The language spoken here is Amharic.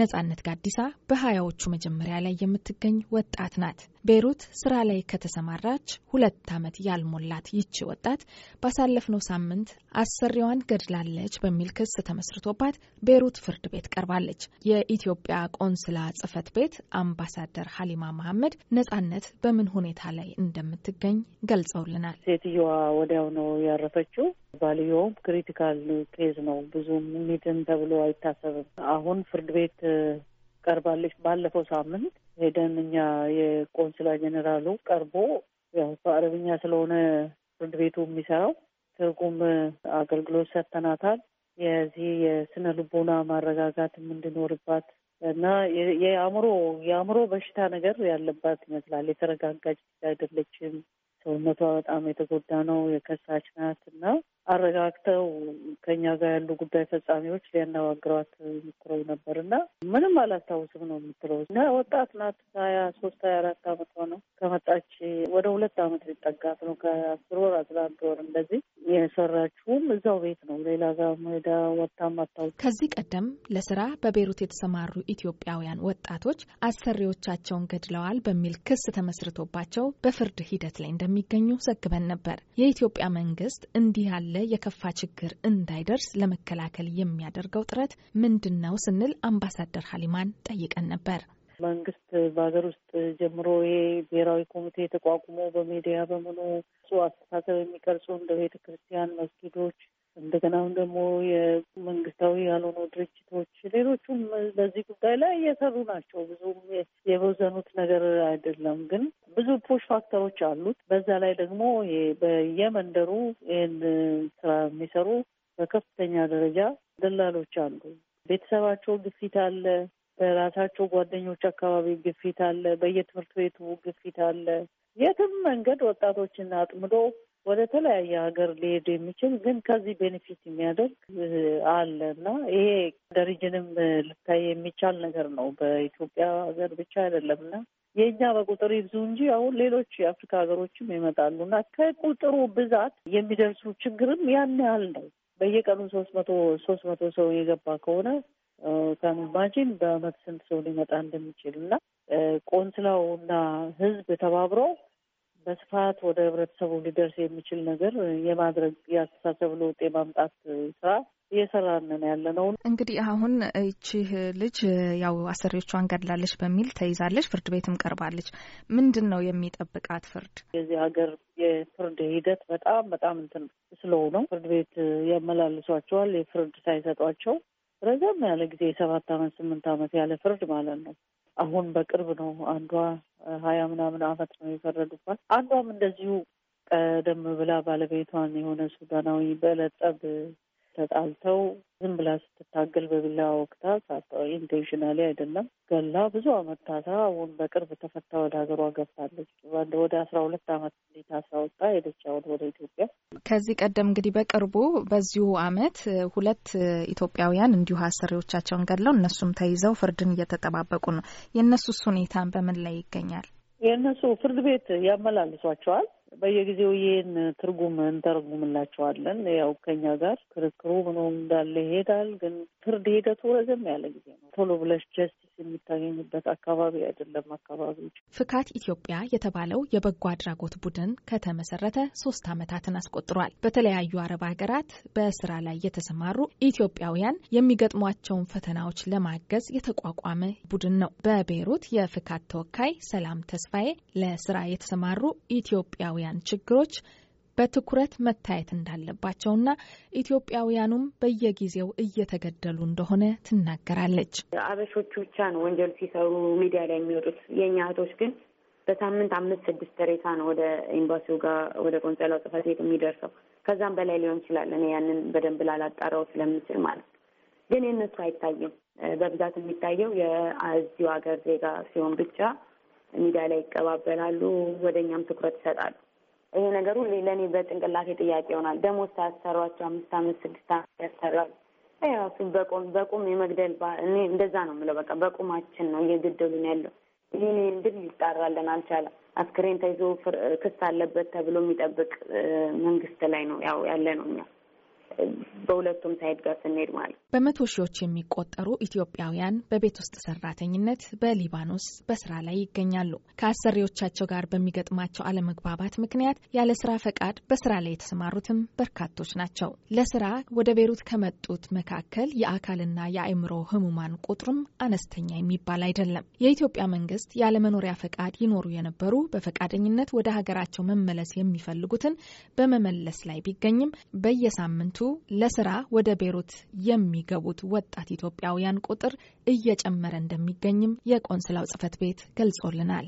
ነጻነት ጋዲሳ በሀያዎቹ መጀመሪያ ላይ የምትገኝ ወጣት ናት። ቤሩት ስራ ላይ ከተሰማራች ሁለት ዓመት ያልሞላት ይቺ ወጣት ባሳለፍነው ሳምንት አሰሪዋን ገድላለች በሚል ክስ ተመስርቶባት ቤሩት ፍርድ ቤት ቀርባለች። የኢትዮጵያ ቆንስላ ጽህፈት ቤት አምባሳደር ሀሊማ መሐመድ ነጻነት በምን ሁኔታ ላይ እንደምትገኝ ገልጸውልናል። ሴትየዋ ወዲያው ነው ያረፈችው። ባልየውም ክሪቲካል ኬዝ ነው፣ ብዙም ሚድን ተብሎ አይታሰብም። አሁን ፍርድ ቤት ቀርባለች ባለፈው ሳምንት ሄደን እኛ የቆንስላ ጀኔራሉ ቀርቦ ያው በአረብኛ ስለሆነ ፍርድ ቤቱ የሚሰራው ትርጉም አገልግሎት ሰጥተናታል። የዚህ የስነ ልቦና ማረጋጋት እንዲኖርባት እና የአእምሮ የአእምሮ በሽታ ነገር ያለባት ይመስላል። የተረጋጋች አይደለችም። ሰውነቷ በጣም የተጎዳ ነው፣ የከሳች ናት እና አረጋግተው ከኛ ጋር ያሉ ጉዳይ ፈጻሚዎች ሊያነጋግሯት ሞክረው ነበር እና ምንም አላስታውስም ነው የምትለው እና ወጣት ናት ሀያ ሶስት ሀያ አራት አመት ሆነው ከመጣች ወደ ሁለት አመት ሊጠጋት ነው ከአስር ወር አስራ አንድ ወር እንደዚህ የሰራችውም እዛው ቤት ነው። ሌላ ጋር ሄዳ ወጥታም ከዚህ ቀደም ለስራ በቤሩት የተሰማሩ ኢትዮጵያውያን ወጣቶች አሰሪዎቻቸውን ገድለዋል በሚል ክስ ተመስርቶባቸው በፍርድ ሂደት ላይ እንደሚገኙ ዘግበን ነበር። የኢትዮጵያ መንግስት እንዲህ ያለ የከፋ ችግር እንዳይደርስ ለመከላከል የሚያደርገው ጥረት ምንድን ነው ስንል አምባሳደር ሀሊማን ጠይቀን ነበር። መንግስት በሀገር ውስጥ ጀምሮ ይሄ ብሔራዊ ኮሚቴ ተቋቁሞ በሚዲያ በምኑ እሱ አስተሳሰብ የሚቀርጹ እንደ ቤተ ክርስቲያን፣ መስጊዶች እንደገናም ደግሞ የመንግስታዊ ያልሆኑ ድርጅቶች ሌሎቹም በዚህ ጉዳይ ላይ እየሰሩ ናቸው። ብዙም የበዘኑት ነገር አይደለም። ግን ብዙ ፑሽ ፋክተሮች አሉት። በዛ ላይ ደግሞ በየመንደሩ ይህን ስራ የሚሰሩ በከፍተኛ ደረጃ ደላሎች አሉ። ቤተሰባቸው ግፊት አለ። በራሳቸው ጓደኞች አካባቢ ግፊት አለ፣ በየትምህርት ቤቱ ግፊት አለ። የትም መንገድ ወጣቶችን አጥምዶ ወደ ተለያየ ሀገር ሊሄድ የሚችል ግን ከዚህ ቤኔፊት የሚያደርግ አለ እና ይሄ ደሪጅንም ልታይ የሚቻል ነገር ነው። በኢትዮጵያ ሀገር ብቻ አይደለም እና የእኛ በቁጥር ይብዙ እንጂ አሁን ሌሎች የአፍሪካ ሀገሮችም ይመጣሉ እና ከቁጥሩ ብዛት የሚደርሱ ችግርም ያን ያህል ነው። በየቀኑ ሶስት መቶ ሶስት መቶ ሰው የገባ ከሆነ ከመማችን በመት ስንት ሰው ሊመጣ እንደሚችል እና ቆንስላው እና ህዝብ ተባብሮ በስፋት ወደ ህብረተሰቡ ሊደርስ የሚችል ነገር የማድረግ የአስተሳሰብ ለውጥ የማምጣት ስራ እየሰራንን ያለ ነው። እንግዲህ አሁን ይቺ ልጅ ያው አሰሪዎቿን ገድላለች በሚል ተይዛለች፣ ፍርድ ቤትም ቀርባለች። ምንድን ነው የሚጠብቃት ፍርድ? የዚህ ሀገር የፍርድ ሂደት በጣም በጣም እንትን ስለሆነው ፍርድ ቤት ያመላልሷቸዋል። የፍርድ ሳይሰጧቸው ረዘም ያለ ጊዜ የሰባት አመት ስምንት አመት ያለ ፍርድ ማለት ነው። አሁን በቅርብ ነው አንዷ ሀያ ምናምን አመት ነው የፈረዱባት። አንዷም እንደዚሁ ቀደም ብላ ባለቤቷን የሆነ ሱዳናዊ በለጠብ ተጣልተው ዝም ብላ ስትታገል በቢላ ወቅታ ኢንቴንሽናሊ አይደለም ገላ ብዙ አመት ታስራ አሁን በቅርብ ተፈታ ወደ ሀገሯ ገብታለች። ወደ አስራ ሁለት አመት እንዴት አስራ ወጣ ሄደች አሁን ወደ ኢትዮጵያ ከዚህ ቀደም እንግዲህ በቅርቡ በዚሁ አመት ሁለት ኢትዮጵያውያን እንዲሁ አሰሪዎቻቸውን ገድለው እነሱም ተይዘው ፍርድን እየተጠባበቁ ነው። የእነሱስ ሁኔታን በምን ላይ ይገኛል? የእነሱ ፍርድ ቤት ያመላልሷቸዋል። በየጊዜው ይህን ትርጉም እንተረጉምላቸዋለን። ያው ከኛ ጋር ክርክሩ ምኖ እንዳለ ይሄዳል። ግን ፍርድ ሂደቱ ረዘም ያለ ጊዜ ነው። ቶሎ ብለሽ ጀስቲስ የሚታገኝበት አካባቢ አይደለም። አካባቢዎች ፍካት ኢትዮጵያ የተባለው የበጎ አድራጎት ቡድን ከተመሰረተ ሶስት ዓመታትን አስቆጥሯል። በተለያዩ አረብ ሀገራት በስራ ላይ የተሰማሩ ኢትዮጵያውያን የሚገጥሟቸውን ፈተናዎች ለማገዝ የተቋቋመ ቡድን ነው። በቤይሩት የፍካት ተወካይ ሰላም ተስፋዬ ለስራ የተሰማሩ ኢትዮጵያ ኢትዮጵያውያን ችግሮች በትኩረት መታየት እንዳለባቸውና ኢትዮጵያውያኑም በየጊዜው እየተገደሉ እንደሆነ ትናገራለች። አበሾቹ ብቻ ነው ወንጀል ሲሰሩ ሚዲያ ላይ የሚወጡት። የእኛ እህቶች ግን በሳምንት አምስት ስድስት ሬሳ ነው ወደ ኤምባሲው ጋር ወደ ቆንጸላው ጽፈት ቤት የሚደርሰው። ከዛም በላይ ሊሆን ይችላል። እኔ ያንን በደንብ ላላጣራው ስለምችል ማለት ግን የእነሱ አይታይም። በብዛት የሚታየው የዚሁ ሀገር ዜጋ ሲሆን ብቻ ሚዲያ ላይ ይቀባበላሉ፣ ወደ እኛም ትኩረት ይሰጣሉ። ይሄ ነገር ሁሌ ለእኔ በጭንቅላቴ ጥያቄ ይሆናል። ደሞዝ ታሰሯቸው አምስት አምስት ስድስት አመት ያሰሯል። ራሱ በቁም በቁም የመግደል ባህል እኔ እንደዛ ነው የምለው። በቃ በቁማችን ነው እየገደሉን ያለው። ይህን ድል ይጣራለን አልቻለም። አስክሬን ተይዞ ክስ አለበት ተብሎ የሚጠብቅ መንግስት ላይ ነው ያው ያለ ነው እኛ በሁለቱም ሳይድ ጋር ስንሄድ ማለት በመቶ ሺዎች የሚቆጠሩ ኢትዮጵያውያን በቤት ውስጥ ሰራተኝነት በሊባኖስ በስራ ላይ ይገኛሉ። ከአሰሪዎቻቸው ጋር በሚገጥማቸው አለመግባባት ምክንያት ያለ ስራ ፈቃድ በስራ ላይ የተሰማሩትም በርካቶች ናቸው። ለስራ ወደ ቤሩት ከመጡት መካከል የአካልና የአእምሮ ህሙማን ቁጥሩም አነስተኛ የሚባል አይደለም። የኢትዮጵያ መንግስት ያለመኖሪያ ፈቃድ ይኖሩ የነበሩ በፈቃደኝነት ወደ ሀገራቸው መመለስ የሚፈልጉትን በመመለስ ላይ ቢገኝም በየሳምንቱ በየአመቱ ለስራ ወደ ቤሩት የሚገቡት ወጣት ኢትዮጵያውያን ቁጥር እየጨመረ እንደሚገኝም የቆንስላው ጽህፈት ቤት ገልጾልናል።